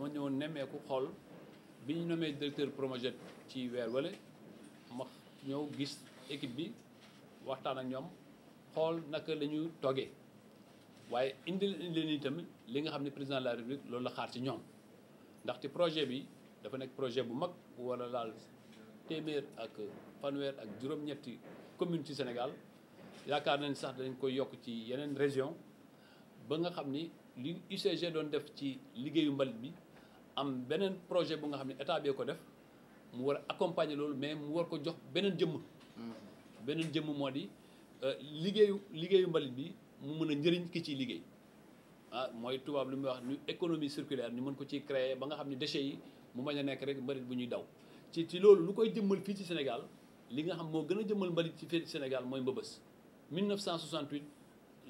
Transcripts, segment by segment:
dama ñëwoon nemmeeku xool bi ñu nommé directeur Promojet ci weer wale max ñëw gis équipe bi waxtaan ak ñoom xool naka la ñu toggee waaye indi leen itam li nga xam ne président de la république loolu la xaar ci ñoom ndaxte projet bi dafa nekk projet bu mag bu war a laal téeméer ak fanweer ak juróom-ñetti commune ci Sénégal yaakaar nañ sax dañ koy yokk ci yeneen région ba nga xam ni li UCG doon def ci liggéeyu mbalit bi am beneen projet bu nga xam ne état bee ko def mu war a accompagner loolu mais mu war ko jox beneen jëmm mm-hmm. beneen jëmm moo di euh, liggéeyu liggéeyu mbalit bi mu mën a njëriñ ki ciy liggéey ah mooy tubaab lu muy wax ñu économie circulaire ñu mën ko ciy créer ba nga xam ni déchets yi mu bañ a nekk rek mbalit bu ñuy daw ci ci loolu lu koy jëmmal fii ci Sénégal li nga xam moo gën a jëmmal mbalit ci fii Sénégal mooy mbëbës 1968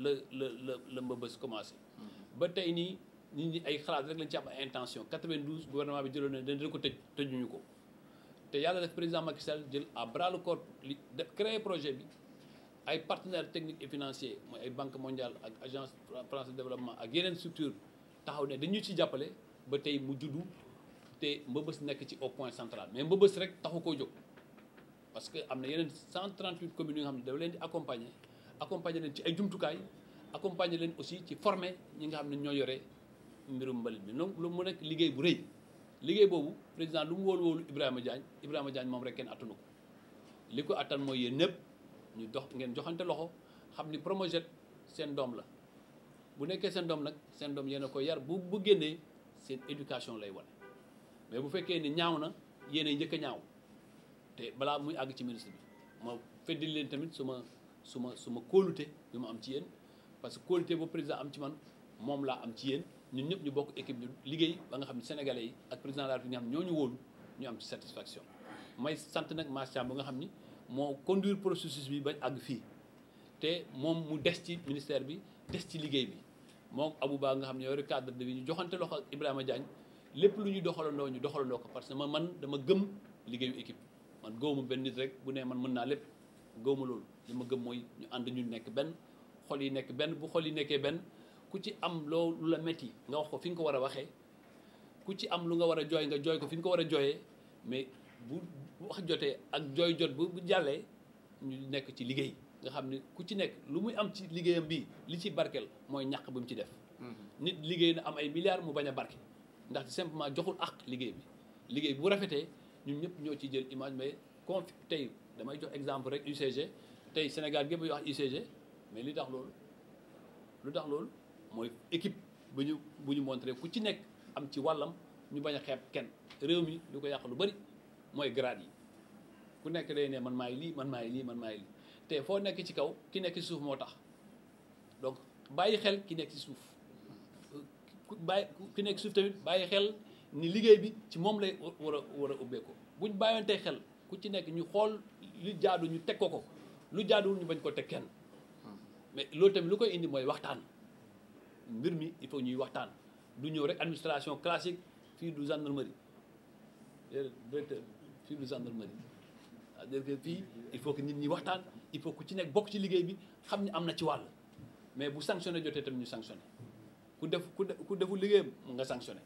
la la la la mbëbës commencé mm-hmm. nit ñi ay xalaat rek lañ ci am ay intention 92 gouvernement bi jëloon ne dañ ko tëj tëjuñu ko te yàlla def président Macky Sall jël à bras le corps li projet bi ay partenaires techniques et financiers mooy ay banque mondiale ak agence française de développement ak yeneen structure taxaw ne dañu ci jàppale ba tey mu juddu te mbëbës nekk ci au point central mais mbëbës rek taxu koo jóg parce que am na yeneen 138 communes yi nga xam ne dafa leen di accompagner accompagner ci ay jumtukaay accompagner leen aussi ci former ñi nga xam ne ñoo yore. mbirum mbalit bi donc lu mu nekk liggéey bu rëy liggéey boobu président lu mu wóolu wóolu Ibrahima Diagne Ibrahima Diagne moom rek kenn attanu ko li ko attan mooy yéen ñëpp ñu dox ngeen joxante loxo xam ni Promojet seen doom la bu nekkee seen doom nag seen doom yéen ko yar bu bu génnee seen éducation lay wane mais bu fekkee ni ñaaw na yéen a njëkk a ñaaw te balaa muy àgg ci ministre bi ma feddi leen tamit su ma su ma su ma kóolute bi ma am ci yéen parce que kóolute ba président am ci man moom laa am ci yéen ñun ñëpp ñu bokk équipe ñu liggéey ba nga xam ne sénégalais yi ak président de la nga xam ne ñoo ñu wóolu ñu am ci satisfaction may sant nag Macha bu nga xam ni moo conduire processus bi ba àgg fii te moom mu des ci ministère bi des ci liggéey bi moom Abouba nga xam ne yore cadre bi ñu joxante loxo ak Ibrahima Diagne lépp lu ñu doxalandoo ñu doxalandoo ko parce que ma man dama gëm liggéeyu équipe man gëwuma benn nit rek bu nee man mën naa lépp gëwuma loolu li ma gëm mooy ñu ànd ñu nekk benn xol yi nekk benn bu xol yi nekkee benn ku ci am loolu la metti nga wax ko fi nga ko war a waxee ku ci am lu nga war a jooy nga jooy ko fi nga ko war a jooyee mais bu wax jotee ak jooy jot bu bu jàllee ñu nekk ci liggéey nga xam ne ku ci nekk lu muy am ci liggéeyam bi li ci barkeel mooy ñaq bu mu ci def. Mm-hmm. nit liggéey na am ay milliards mu bañ a barke ndax simplement joxul ak liggéey bi liggéey bu rafetee ñu ñëpp ñoo ciy jël image mais conf tey damay jox exemple rek UCG tey Sénégal gépp yoo wax UCG mais li tax loolu lu tax loolu. mooy équipe bu ñu bu ñu montré ku ci nekk am ci wàllam ñu bañ a xeeb kenn réew mi lu ko yàq lu bari mooy grade yi ku nekk day ne man maay lii man maay lii man maay lii te foo nekk ci kaw ki nekk suuf moo tax donc bàyyi xel ki nekk ci suuf ku bàyyi ki nekk ci suuf bàyyi xel ni liggéey bi ci moom lay war a war a bu buñ bàyyante xel ku ci nekk ñu xool lu jaadu ñu teg ko ko lu jaaduwul ñu bañ ko teg kenn mais loolu tamit lu koy indi mooy waxtaan. mbir mi il faut ñuy waxtaan du ñëw rek administration classique fii du gendarmerie directeur fii du gendarmerie c'est-à-dire que fii il faut que nit ñi waxtaan il faut que ci nekk bokk ci liggéey bi xam ni am na ci wàll mais bu sanctionné jotee tamit ñu sanctionné ku def ku def ku defu liggéeyam nga sanctionné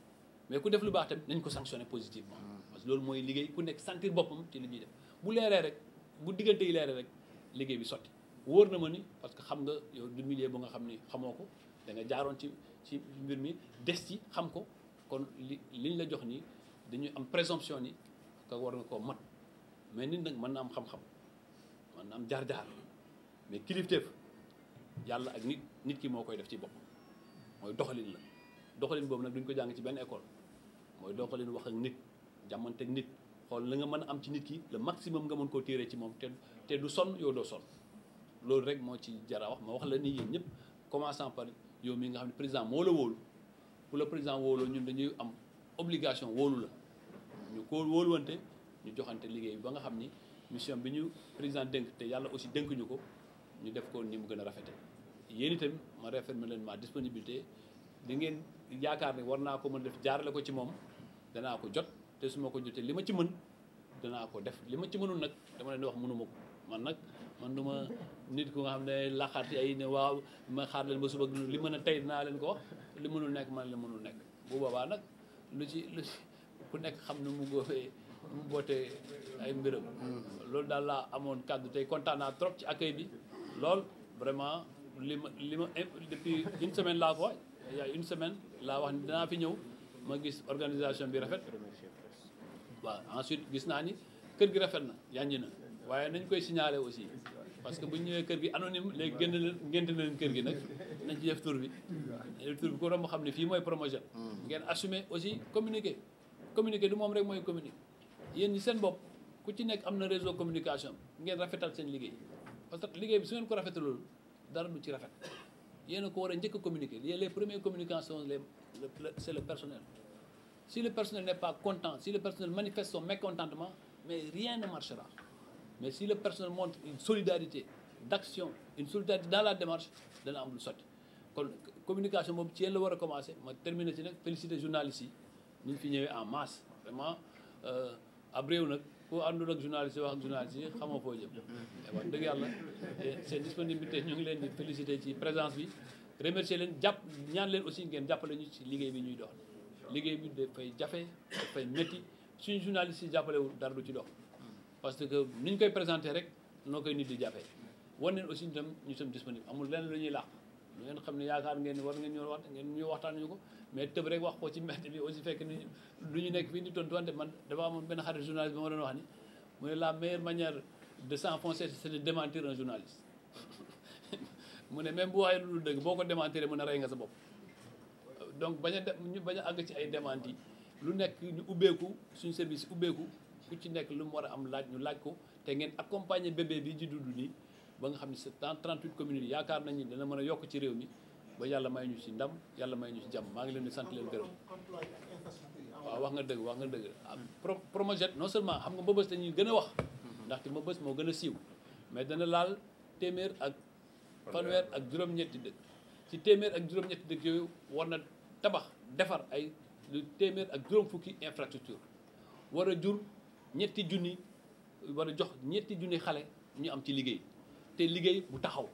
mais ku def lu baax tamit nañ ko sanctionné positivement parce que loolu mooy liggéey ku nekk sentir boppam ci li ñuy def bu leeree rek bu diggante yi leeree rek liggéey bi sotti wóor na ma ni parce que xam nga yow du milieu nga xam ni xamoo ko da nga jaaroon ci ci mbir mi des ci xam ko kon li liñ la jox nii dañuy am présomption ni ko war nga koo mat mais nit nag mën na am xam-xam mën na am jaar-jaar mais kilifteef yàlla ak nit nit ki moo koy def ci bopp mooy doxalin la doxalin boobu nag duñ ko jàng ci benn école mooy doxalin wax ak nit jàmmante ak nit xool li nga mën a am ci nit ki le maximum nga mën koo tiiree ci moom te te du sonn yow doo sonn loolu rek moo ci jar a wax moo wax la ni yéen ñëpp commençant par yow mi nga xam ne président moo la wóolu bu la président wóoloo ñun dañuy am obligation wóolu la ñu ko wóoluwante ñu joxante liggéey bi ba nga xam ni mission bi ñu président dénk te yàlla aussi dénk ko ñu def ko ni mu gën a rafete yéen itam ma réaffirmer leen ma disponibilité li ngeen yaakaar ne war naa ko mën def jaarale ko ci moom danaa ko jot te su ko jotee li ma ci mën danaa ko def li ma ci mënul nag dama leen wax mënuma ko man nag man du ma nit ku nga xam ne laxaati ay ne waaw ma xaar leen ba suba li mën a tey dinaa leen ko wax li mënul nekk man li mënul nekk bu boobaa nag lu ci lu ci ku nekk xam ne mu góofee mu bootee ay mbiram loolu daal laa amoon kàddu tey kontaan naa trop ci accueil bi lool vraiment li ma li ma depuis une semaine laa ko une semaine laa wax ni dinaa fi ñëw ma gis organisation bi rafet waaw ensuite gis naa ni kër gi rafet na yanji na waaye nañ koy signaler aussi parce que bu ñëwee kër gi anonyme léegi génn leen ngénte na leen kër gi nag nañ ci def tur bi def bi ku romb xam ne fii mooy promotion hmm. ngeen assumer aussi communiquer communiquer du moom rek mooy communiquer yéen seen bopp ku ci nekk am na réseau communication ngeen rafetal seen liggéey parce que liggéey bi su ngeen ko rafetalul dara du ci rafet yéen a ko war a njëkk a communiquer yéen les premiers communications les c'est le personnel si le personnel n'est pas content si le personnel manifeste son mais rien ne marchera mais si le personnel montre une solidarité d'action une solidarité dans la démarche dana am lu sotti kon communication boobu ci yéen la war a commencé ma terminer si nag féliciter journalistes yi ñu fi ñëwee en masse vraiment euh, ab réew nag ku àndul ak journaliste wax ak journaliste yi xamoo foo jëm dëgg yàlla seen disponibilité ñu ngi leen di féliciter ci présence bi remercier leen jàpp ñaan leen aussi ngeen jàppale ñu ci liggéey bi ñuy dox liggéey bi dafay jafe dafay métti suñu journaliste yi jàppalewul dara du ci dox parce que ni ñu koy présenté rek noo koy nit di jàppee wan leen aussi ñu tam ñu tam disponible amul lenn lu ñuy làq lu ngeen xam ne yaakaar ngeen war ngeen ñoo wax ngeen ñu waxtaan ñu ko mais tëb rek wax ko ci mbedd bi aussi fekk ni lu ñu nekk fii di tontuwante man dafa amoon benn xarit journaliste bi ma doon wax ni mu ne la meilleure manière de s'enfoncer c'est de démentir mu ne même bu waxee lu dul dëgg boo ko démentiré mu ne rey nga sa bopp donc bañ a ñu bañ a àgg ci ay démenti lu nekk ñu ubbeeku suñu service ubbeeku ku ci nekk lu mu war a am laaj ñu laaj ko te ngeen accompagner bébé bi di dudd nii ba nga xam ne c'est en 38 communes yaakaar nañ ni dina mën a yokk ci réew mi ba yàlla may ñu ci ndam yàlla may ñu ci jàmm maa ngi leen di sant leen gërëm. waaw wax nga dëgg wax nga dëgg ah pro projet non seulement xam nga Mbeubeuss dañuy gën a wax. ndaxte bës moo gën a siiw mais dana laal téeméer ak. fanweer ak juróom-ñetti dëkk ci téeméer ak juróom-ñetti dëkk yooyu war tabax defar ay téeméer ak juróom fukki infrastructure ñetti junni war a jox ñetti junni xale ñu am ci liggéey te liggéey bu taxaw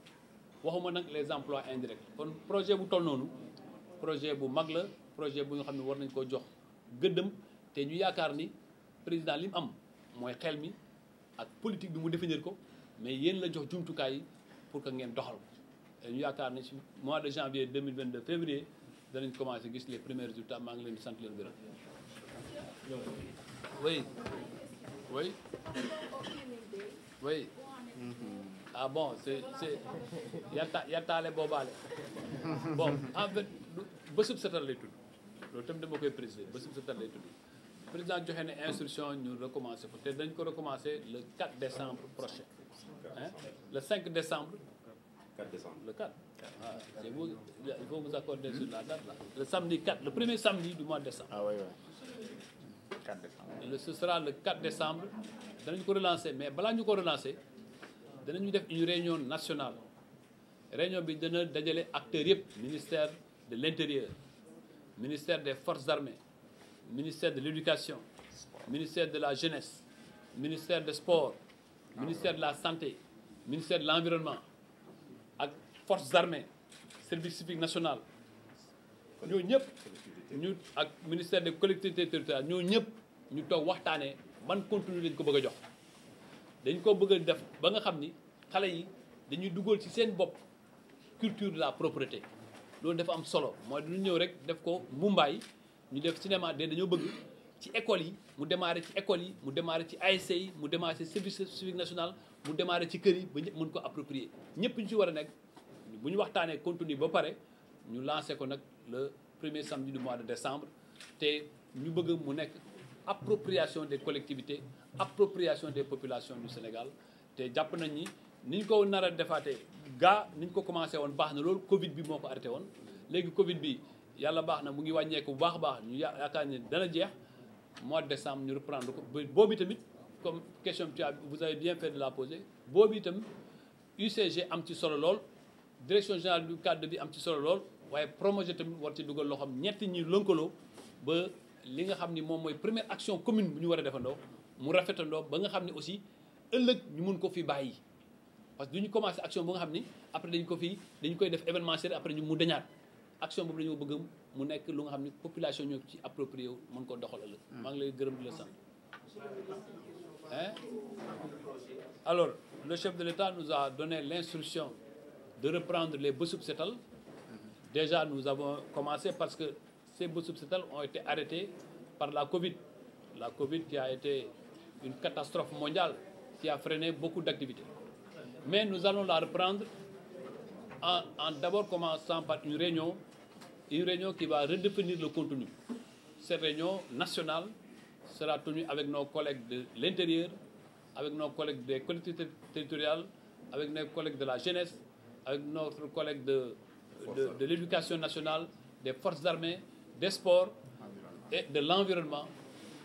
waxuma nag les emplois indirects kon projet bu toll noonu projet bu mag la projet bu nga xam ne war nañ koo jox gëddëm te ñu yaakaar ni président li am mooy xel mi ak politique bi mu définir ko mais yéen la jox jumtukaay yi pour que ngeen doxal ko ñu yaakaar ni ci mois de janvier 2022 février danañ commencé gis les premiers résultats maa ngi leen di sant leen gërëm oui Oui. Oui. ah bon c'est c'est yalta yaltaale boobaale bon en fait bésub setal lay tudd loolu tamit dama koy préciser bésub setal lay président joxe ne instruction ñu recommencer ko te dañ ko recommencer le 4 décembre prochain hein le 5 décembre 4 décembre le 4 ah c'est vous il faut vous accorder sur la date là le premier samedi du mois de décembre ah le ce sera le 4 décembre danañ ko relancer mais balaa ñu ko relancer danañu def une réunion nationale réunion bi dana dajale acteurs yëpp ministère de l'intérieur ministère des forces armées ministère de l'éducation ministère de la jeunesse ministère de sports ministère de la santé ministère de l'environnement ak forces armées service civique national ñoo ñëpp ñu ak ministère de collectivités territoriales ñoo ñëpp ñu toog waxtaanee man contenu lañ ko bëgg a jox dañ ko bëgg a def ba nga xam ni xale yi dañuy dugal ci seen bopp culture de la propreté loolu dafa am solo mooy dañu ñëw rek def ko Mumbai ñu def cinéma de dañoo bëgg ci école yi mu démarré ci école yi mu démarré ci ASC yi mu démarré ci service civique national mu démarré ci kër yi ba ñëpp mën ko approprier ñëpp ñu ci war a nekk bu ñu waxtaanee contenu ba pare ñu lancé ko nag le premier samedi mois de décembre te ñu bëgg mu nekk appropriation des collectivité appropriation des population du Sénégal te jàpp nañ ni ni ñu ko nar a defaatee gaa ni ñu ko commencé woon baax na loolu Covid bi moo ko arrêté woon léegi Covid bi yàlla baax na mu ngi wàññeeku bu baax a baax ñu yaakaar ne dana jeex mois de décembre ñu reprendre ko boobu tamit comme question bi vous avez bien fait de la poser boobu itam UCG am ci solo lool direction générale du cadre bi am ci solo lool waaye Promojet tamit war dugal loxoom ñetti ñi lënkaloo ba. li nga xam ni moom mooy première action commune bu ñu war a defandoo mu rafetandoo ba nga xam ne aussi ëllëg ñu mun ko fi bàyyi parce que lu ñu commencé action bu nga xam ni après dañ ko fi dañ koy def événementiel après ñu mu dañaat action boobu dañoo bëgg mu nekk lu nga xam ni population ñoo ci approprié wu mën ko doxal ëllëg. Hmm. maa ngi lay gërëm di la sant. Hmm. alors le chef de l'État nous a donné l'instruction de reprendre les Bessup Setal hmm. déjà nous avons commencé parce que ces baux subsétales ont été arrêtés par la Covid. La Covid qui a été une catastrophe mondiale, qui a freiné beaucoup d'activités. Mais nous allons la reprendre en, en d'abord commençant par une réunion, une réunion qui va redéfinir le contenu. Cette réunion nationale sera tenue avec nos collègues de l'intérieur, avec nos collègues des collectivités territoriales, avec nos collègues de la jeunesse, avec notre collègue de, de, de l'éducation nationale, des forces armées, des sports et de l'environnement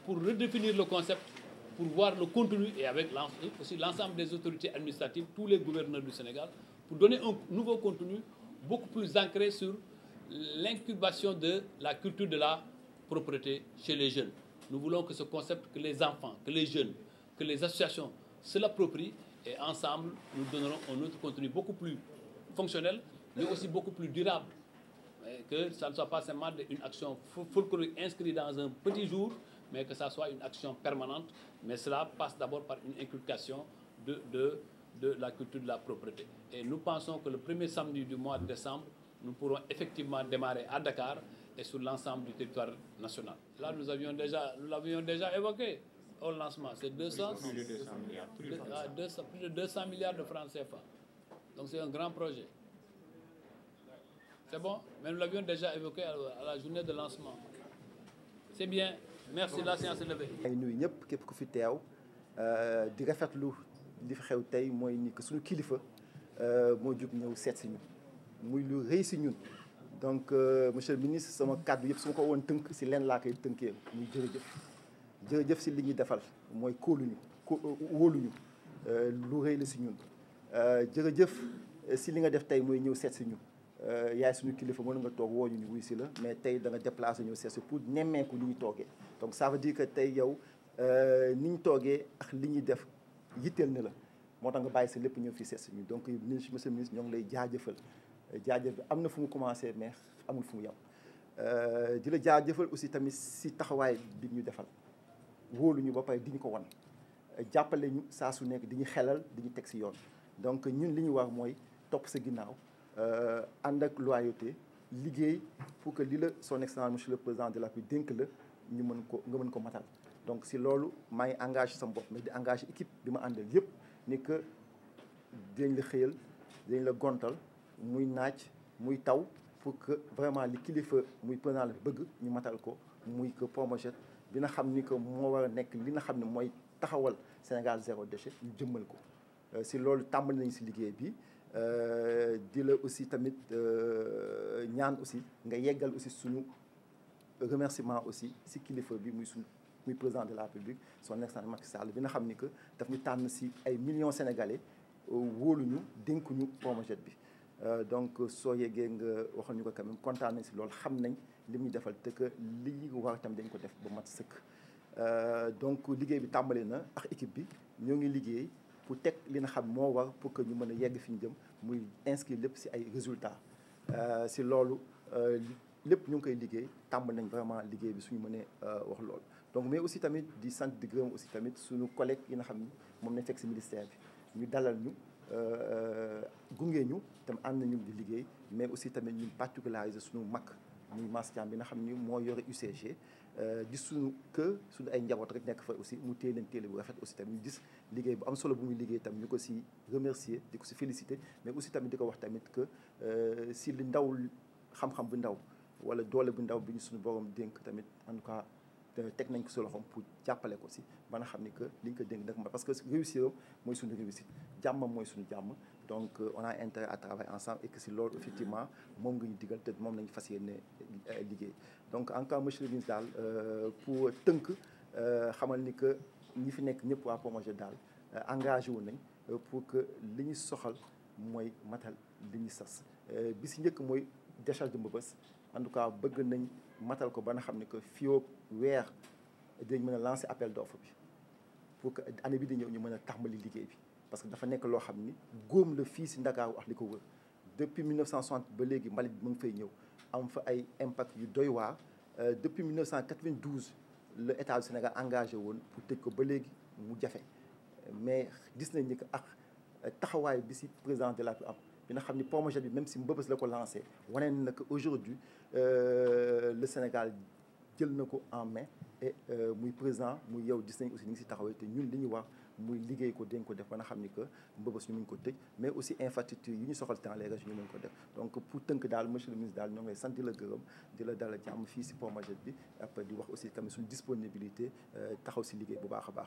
pour redéfinir le concept, pour voir le contenu et avec aussi l'ensemble des autorités administratives, tous les gouverneurs du Sénégal, pour donner un nouveau contenu beaucoup plus ancré sur l'incubation de la culture de la propreté chez les jeunes. Nous voulons que ce concept, que les enfants, que les jeunes, que les associations se l'approprient et ensemble, nous donnerons un autre contenu beaucoup plus fonctionnel, mais aussi beaucoup durable et que ça ne soit pas seulement une action folklorique inscrite dans un petit jour, mais que ça soit une action permanente. Mais cela passe d'abord par une inculcation de, de, de la culture de la propreté. Et nous pensons que le premier samedi du mois de décembre, nous pourrons effectivement démarrer à Dakar et sur l'ensemble du territoire national. Là, nous avions déjà, nous l'avions déjà évoqué au lancement. C'est 200, plus de 200 milliards de francs CFA. Donc c'est un grand projet. bon Mais nous l'avions déjà évoqué à la journée de lancement. C'est bien. Merci, la séance ay nuyu ñëpp képp ku fi teew euh, di rafetlu li fi xew tey mooy ni que suñu kilifa euh, moo jub ñëw seet si ñun muy lu rëy si ñun donc euh, monsieur le ministre sama kàddu yëpp su ma ko woon tënk si leen laa koy tënkee muy jërëjëf jërëjëf si li ñuy defal mooy kóoluñu ko lu rëy si ñun jërëjëf si li nga def tey mooy ñëw seet si ñun Euh, yaay suñu kilifa mën nga toog woo ñu ñu wuy si la mais tey da nga déplacé ñëw seesi pour nemmeeku li toogee donc ça veut dire tey yow euh, ni ñu toogee li ñuy def yitteel na la moo tax nga bàyyi sa lépp ñëw fii seesi ñu donc ministre monsieur le ministre ñoo ngi lay jaajëfal euh, jaajëf bi am na fu mu commencé mais amul fu mu yem di la jaajëfal aussi tamit si taxawaay bi ñu defal wóolu ñu ba ñu ko wan jàppale ñu saa su nekk di ñu xelal di ñu teg si yoon donc ñun li ñu war mooy topp sa ginnaaw Euh, ànd ak loyauté liggéey pour que li la son excellence monsieur le président de la République dénk la ñu mën ko nga mën ko matal donc si loolu maa ngi engagé sama bopp mais di engage équipe bi ma àndal yëpp ni que dañ la xëyal dañ la gontal muy naaj muy taw pour que vraiment li kilifa muy président bëgg ñu matal ko muy que Promoged bi nga xam ni que moo war a nekk li nga xam ne mooy taxawal Sénégal zéro déchet ñu jëmmal ko euh, si loolu tàmbali nañu si liggéey bi Euh, di la aussi tamit euh, ñaan aussi nga yeggal aussi suñu remerciement aussi si kilifa bi muy suñ muy président de la République son excellence Macky Sall bi nga xam ni que daf ñu tànn si ay millions sénégalais euh, wooluñu dénkuñu projet bi. donc soo yeggee nga waxal ñu ko quand même kontaan si loolu xam nañ li mu ñu defal te que li ñu war itam dañ ko def ba mat sëkk donc liggéey bi tàmbali na ak équipe bi ñoo ngi liggéey. pour teg li na xam moo war pour que ñu mën a yegg fi ñu jëm muy inscrire lépp si ay résultats si euh, loolu euh, lépp ñu ngi koy liggéey tàmm nañ vraiment liggéey bi suñu mënee euh, wax loolu. donc mais aussi tamit di sant di gërëm aussi tamit suñu collègue yi nga xam ni moom lañ fekk si ministère bi ñu dalal ñu gungee ñu tam ànd nañu di liggéey mais aussi tamit ñu particulariser suñu mag muy Mass Thiam bi na xam ni moo yore UCG. Euh, gis suñu que suñu ay njaboot rek nekk fa aussi mu téye leen téele bu rafet aussi tamit ñu gis liggéey bu am solo bu muy liggéey tamit ñu ko si remercier di ko si féliciter mais aussi tamit di ko wax tamit que euh, si li ndaw xam-xam bu ndaw wala doole bu ndaw bi ñu suñu borom dénk tamit en tout cas teg nañ ko si loxoom pour jàppale ko si ba a xam ni que li ñu ko dénk nag ma parce que réussir am mooy suñu réussite jàmmam mooy suñu jàmm donc euh, on a intérêt à travailler ensemble et que si loolu effectivement moom nga ñu digal te moom lañu fas yéene euh, liggéey donc en cas monsieur le ministre daal euh, pour tënk xamal ni que ñi fi nekk ñëpp waa PROMOGED daal engagé wu nañ pour que li ñu soxal mooy matal li ñu sas bi si njëkk mooy décharge de Mbeubeuss en tout cas bëgg nañ matal ko ba na xam ne que fii weer dinañ mën a lancer appel d'offre bi pour que année bi di ñëw ñu mën a tàmbali liggéey bi parce que dafa nekk loo xam ni góom la fii si Ndakaaru ak li ko wër depuis 1960 ba léegi mbalit bi mu ngi fay ñëw am fa ay impact yu doy waar euh, depuis 1992 le état du Sénégal engagé woon pour teg ko ba léegi mu jafe mais gis nañ ni que ak euh, taxawaay bi si président de la am bi nga xam ni projet bi même si mbëbës la ko lancé waneen na que aujourd'hui euh, le Sénégal jël na ko en main e muy président mu yow gis nañ aussi ni ngi si taxawee te ñun li ñu wax muy liggéey ko dañ ko def ba nga xam ni que mbëbës ñu mën ko tëj mais aussi infrastructure yi ñu soxal dans les régions ñu mën ko def donc pour tënk daal monsieur le daal ñoo ngi lay sant di la gërëm di la dala jàmm fii si Pont Magette bi après di wax aussi tamit suñu disponibilité euh, taxaw si liggéey bu baax baax